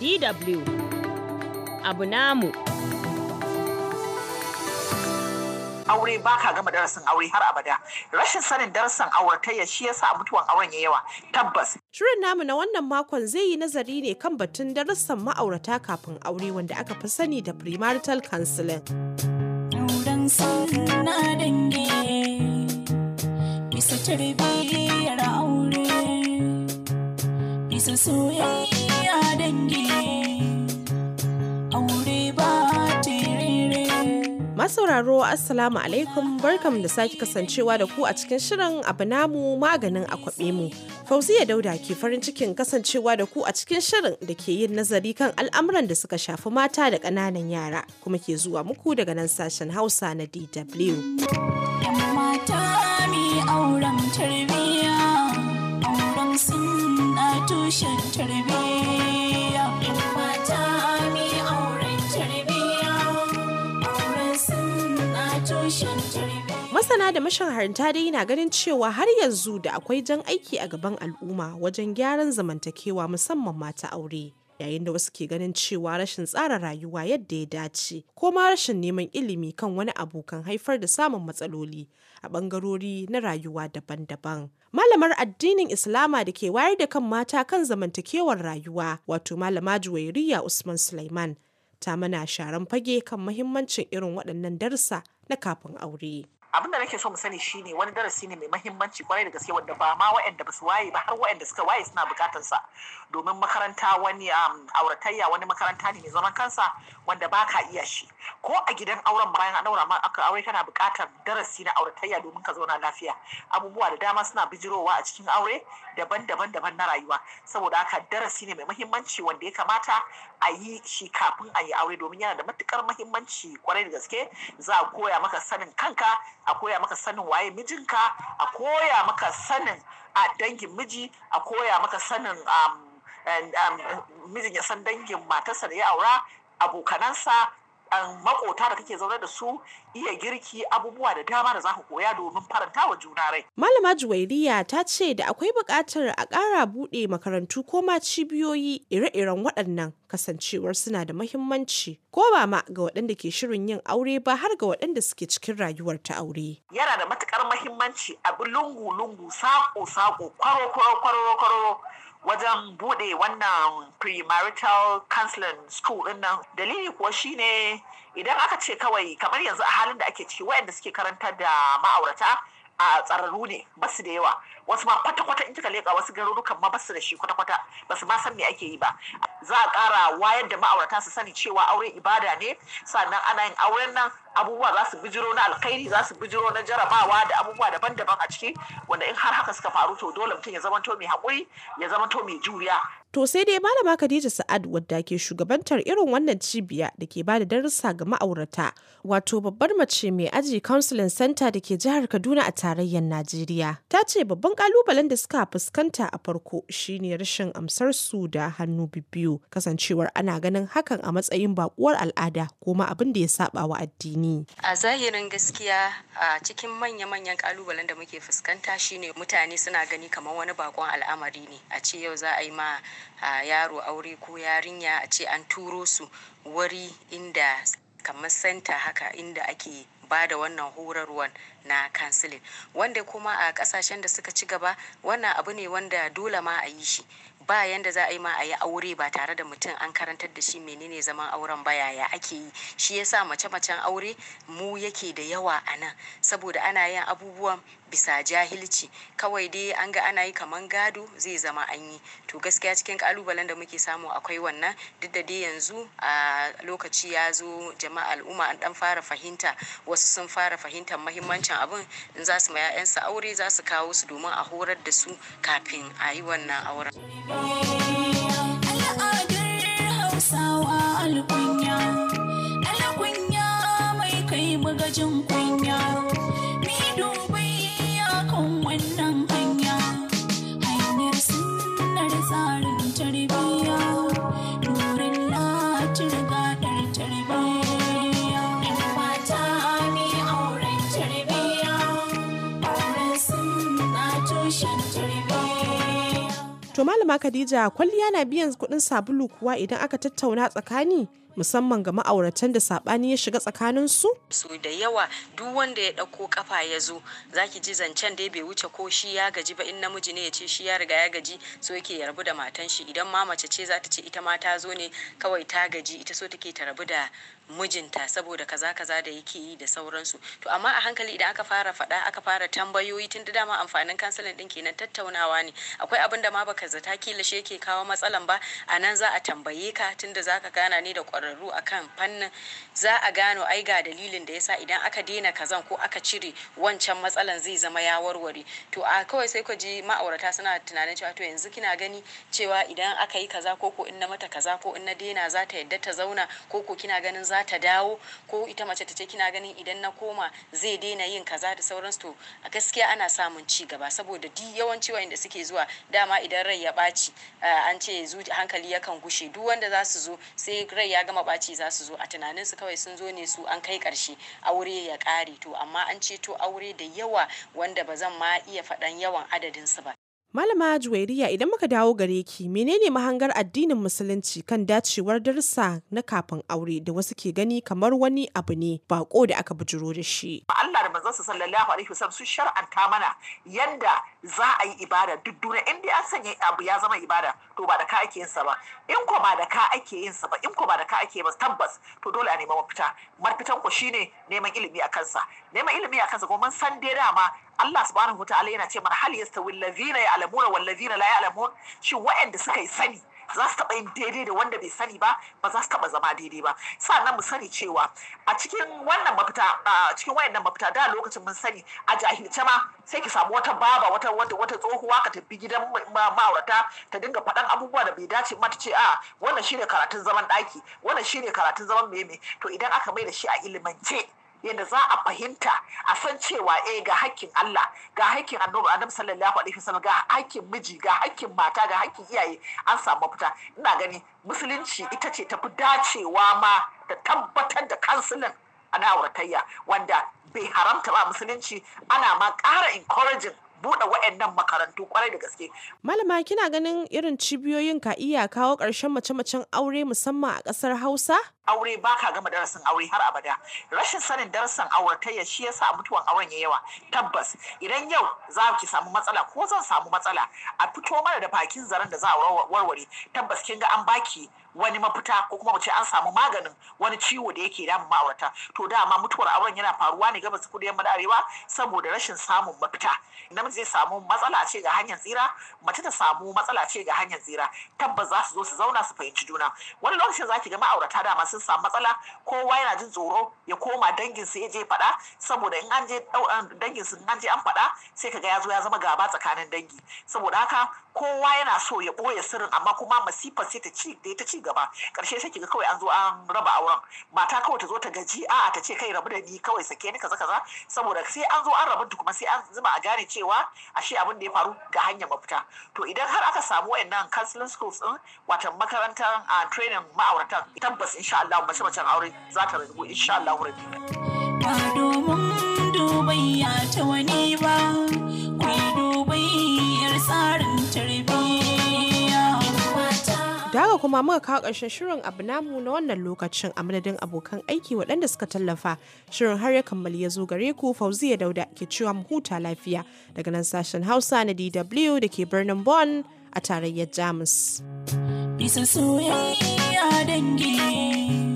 DW abu namu. aure ba ka gama darasin aure har abada rashin sanin darasin auratayya shi ya sa mutuwan auren ya yawa tabbas shirin namu na wannan makon zai yi nazari ne kan batun darasin ma'aurata kafin aure wanda aka fi sani da premarital counseling auren na bisa tarbiyyar aure bisa soyayya dangi aure ba Masauraro Assalamu alaikum barkam da sake kasancewa da ku a cikin shirin abu namu maganin akwabe mu. Fauziya Dauda ke farin cikin kasancewa da ku a cikin shirin da ke yin nazari kan al'amuran da suka shafi mata da ƙananan yara kuma ke zuwa muku daga nan sashen Hausa na DW. mata auren tushen masana da mashaharta dai na ganin cewa har yanzu da akwai jan aiki a gaban al'umma wajen gyaran zamantakewa musamman mata aure yayin da wasu ke ganin cewa rashin tsara rayuwa yadda ya dace ko ma rashin neman ilimi kan wani abu kan haifar da samun matsaloli a bangarori na rayuwa daban-daban. Malamar addinin Islama da ke wayar da kan mata kan zamantakewar rayuwa wato malama Juwairiya Usman Sulaiman ta mana sharan fage kan mahimmancin irin waɗannan darsa na kafin aure. abin da nake so mu sani shine wani darasi ne mai mahimmanci kwarai da gaske wanda ba ma wa'anda ba su waye ba har wayanda suka waye suna bukatar sa domin makaranta wani um, auratayya wani makaranta ne mai zaman kansa wanda ba ka iya shi ko a gidan auren bayan an daura ma aka aure kana bukatar darasi na auratayya domin ka zauna lafiya abubuwa da dama suna bijirowa a cikin aure daban-daban daban na rayuwa saboda haka darasi ne mai mahimmanci wanda ya kamata a yi shi kafin a yi aure domin yana da matukar mahimmanci kwarai da gaske za a koya maka sanin kanka a koya maka sanin waye mijinka a koya maka sanin a dangin miji a koya maka sanin um, um, mijin ya san dangin matarsa da ya aura abokanansa Um, makota da kake zaune da su iya girki abubuwa da dama da za ku koya domin faranta wa juna rai. Malama Juwairiya ta ce da akwai buƙatar a ƙara buɗe makarantu ko ma cibiyoyi ire-iren waɗannan kasancewar suna da mahimmanci ko ba ma ga waɗanda ke shirin yin aure ba har ga waɗanda suke cikin rayuwar ta aure. Yana da matuƙar mahimmanci a bi lungu-lungu saƙo-saƙo kwaro-kwaro-kwaro wajen bude wannan premarital counseling school din nan dalili kuwa shine idan aka ce kawai kamar yanzu a halin da ake ciki waɗanda suke karanta da ma'aurata a tsararru ne basu da yawa wasu ma kwata-kwata in kika leƙa wasu garurukan ma basu da shi kwata-kwata basu ma san me ake yi ba za a ƙara wayar da ma'aurata su sani cewa aure ibada ne sannan ana yin auren nan abubuwa za su bijiro na alkhairi za su bijiro na jarabawa da abubuwa daban-daban a ciki wanda in har haka suka faru to dole mutum ya zamanto mai haƙuri ya zamanto mai juriya To sai dai malama Khadija Sa'ad wadda ke shugabantar irin wannan cibiya da ke bada darussa ga ma'aurata wato babbar mace mai aji counseling center da ke jihar Kaduna a tarayyar Najeriya ta ce babban kalubalen da suka fuskanta a farko shine rashin amsar su da hannu biyu kasancewar ana ganin hakan a matsayin bakuwar al'ada kuma abin da ya saba wa addini. A zahirin gaskiya a cikin manya-manyan kalubalen da muke fuskanta shine mutane suna gani kamar wani bakon al'amari ne a ce yau za a yi ma yaro aure ko yarinya a ce an turo su wuri inda kamar santa haka inda ake ba da wannan horarwan na kansilin Wanda kuma a kasashen da suka ci gaba wannan abu ne wanda dole ma a yi shi. Ba yanda za a yi ma a yi aure ba tare da mutum an karantar da shi menene zaman auren ba yaya ake yi. Shi ya sa mace-macen aure mu yake da yawa a nan saboda ana yin abubuwan bisa jahilci kawai dai an ga ana yi kaman gado zai zama an yi to gaskiya cikin kalubalen da muke samu akwai wannan duk da dai yanzu a lokaci ya zo jama'a al'umma an dan fara fahimta wasu sun fara fahimtar mahimmancin abin in za su maya 'ya'yansu aure za su kawo su domin a horar da su kafin a yi wannan auren. Hausawa al'unya, al'unya mai kai magajin To Malama Khadija kwalliya na biyan kuɗin sabulu kuwa idan aka tattauna tsakani musamman ga ma'auratan da sabani ya shiga tsakanin su? Su da yawa duk wanda ya ɗauko kafa ya zo zaki ji zancen dai bai wuce ko shi ya gaji ba in namiji ne ya ce shi ya riga ya gaji so yake ya rabu da matan shi idan ma mace ce za ta ce ita ma ta zo ne kawai ta gaji ita so take ta rabu da mijinta saboda kaza kaza da yake yi da sauransu to amma a hankali idan aka fara faɗa aka fara tambayoyi tun da dama amfanin kansilin din kenan tattaunawa ne akwai abin da ma baka zata kila shi yake kawo matsalan ba a nan za a tambaye ka tun da zaka gana ne da ƙwararru akan fannin za a gano ai ga dalilin da yasa idan aka daina kazan ko aka cire wancan matsalan zai zama ya warware to a kawai sai ku ji ma'aurata suna tunanin cewa to yanzu kina gani cewa idan aka yi kaza ko ko in na mata kaza ko in na daina za ta yadda ta zauna ko ko kina ganin za za ta dawo ko ita mace ta ce kina ganin idan na koma zai daina yin kaza da sauransu to a gaskiya ana samun ci gaba saboda duk yawanci wa'inda suke zuwa dama idan rai ya ɓaci eh, an ce hankali yakan gushe duk wanda za su zo sai rai ya gama ɓaci za su zo a tunanin su kawai sun zo ne su an kai ƙarshe aure ya ƙare to amma an ce to aure da yawa wanda ba zan ma iya faɗan yawan adadinsu ba Malama Juwairiya idan muka dawo gare ki menene mahangar addinin musulunci kan dacewar darsa na kafin aure da wasu ke gani kamar wani abu ne bako da aka bujuro da shi. Allah da manzansa sallallahu alaihi wasallam sun shar'anta mana yadda za a yi ibada duk duniya in dai sanya abu ya zama ibada to ba da ka ake yin sa ba in ko ba da ka ake yin sa ba in ko ba da ka ake ba tabbas to dole a nema mafita mafitan ko shine neman ilimi a kansa neman ilimi a kansa kuma san dai dama Allah subhanahu ta'ala yana ce mana hal yastawi allazina ya'lamuna wal ladzina la ya'lamun shin wayanda suka yi sani za su taɓa yin daidai da wanda bai sani ba ba za su taɓa zama daidai ba sannan mu sani cewa a cikin wannan mafita a cikin wayannan mafita da lokacin mun sani a jahilce ma sai ki samu wata baba wata wata wata tsohuwa ka tafi gidan ma'aurata ta dinga faɗan abubuwa da bai dace mata ce a wannan shine karatun zaman ɗaki wannan shine karatun zaman meme to idan aka mai da shi a ilimance yadda za a fahimta a san cewa e ga hakkin Allah ga hakkin annabi Adam sallallahu alaihi wasallam ga hakkin miji ga hakkin mata ga hakkin iyaye an samu mafita ina gani musulunci ita ce tafi dacewa ma da tabbatar da kansilan a auratayya wanda bai haramta ba musulunci ana ma ƙara encouraging buɗe waɗannan makarantu kwarai da gaske. Malama kina ganin irin cibiyoyin ka iya kawo ƙarshen mace-macen aure musamman a ƙasar Hausa? aure ba ka gama darasin aure har abada rashin sanin darasin auratayya shi yasa mutuwan auren ya yawa tabbas idan yau za ki samu matsala ko zan samu matsala a fito mana da bakin zaren da za a warware tabbas kin ga an baki wani mafita ko kuma mace an samu maganin wani ciwo da yake damun ma'aurata to dama mutuwar auren yana faruwa ne gabas kudu yamma da arewa saboda rashin samun mafita namiji zai samu matsala ce ga hanyar tsira mace ta samu matsala ce ga hanyar tsira tabbas za su zo su zauna su fahimci juna wani lokacin za ki ga ma'aurata dama sun sun samu matsala kowa yana jin tsoro ya koma danginsu ya je faɗa saboda in an je danginsu in an je an faɗa sai kaga ya zo ya zama gaba tsakanin dangi saboda haka kowa yana so ya ɓoye sirrin amma kuma masifa sai ta ci ta ci gaba ƙarshe sai kiga kawai an zo an raba auren mata kawai ta zo ta gaji a ta ce kai rabu da ni kawai sake ni kaza kaza saboda sai an zo an rabu kuma sai an zuma a gane cewa ashe abin da ya faru ga hanyar mafita to idan har aka samu wayannan counseling schools din watan makarantar a training ma'auratan tabbas insha Allah mace-macen aure za ta ragu insha Allah Ba domin ya ta wani ba, ku yar tsarin tarbiyya. Daga kuma muka kawo ƙarshen shirin abu namu na wannan lokacin a madadin abokan aiki waɗanda suka tallafa shirin har ya kammali ya zo gare ku fauziya dauda ke cewa mu huta lafiya daga nan sashen hausa na DW da ke birnin Bonn a tarayyar Jamus. dangi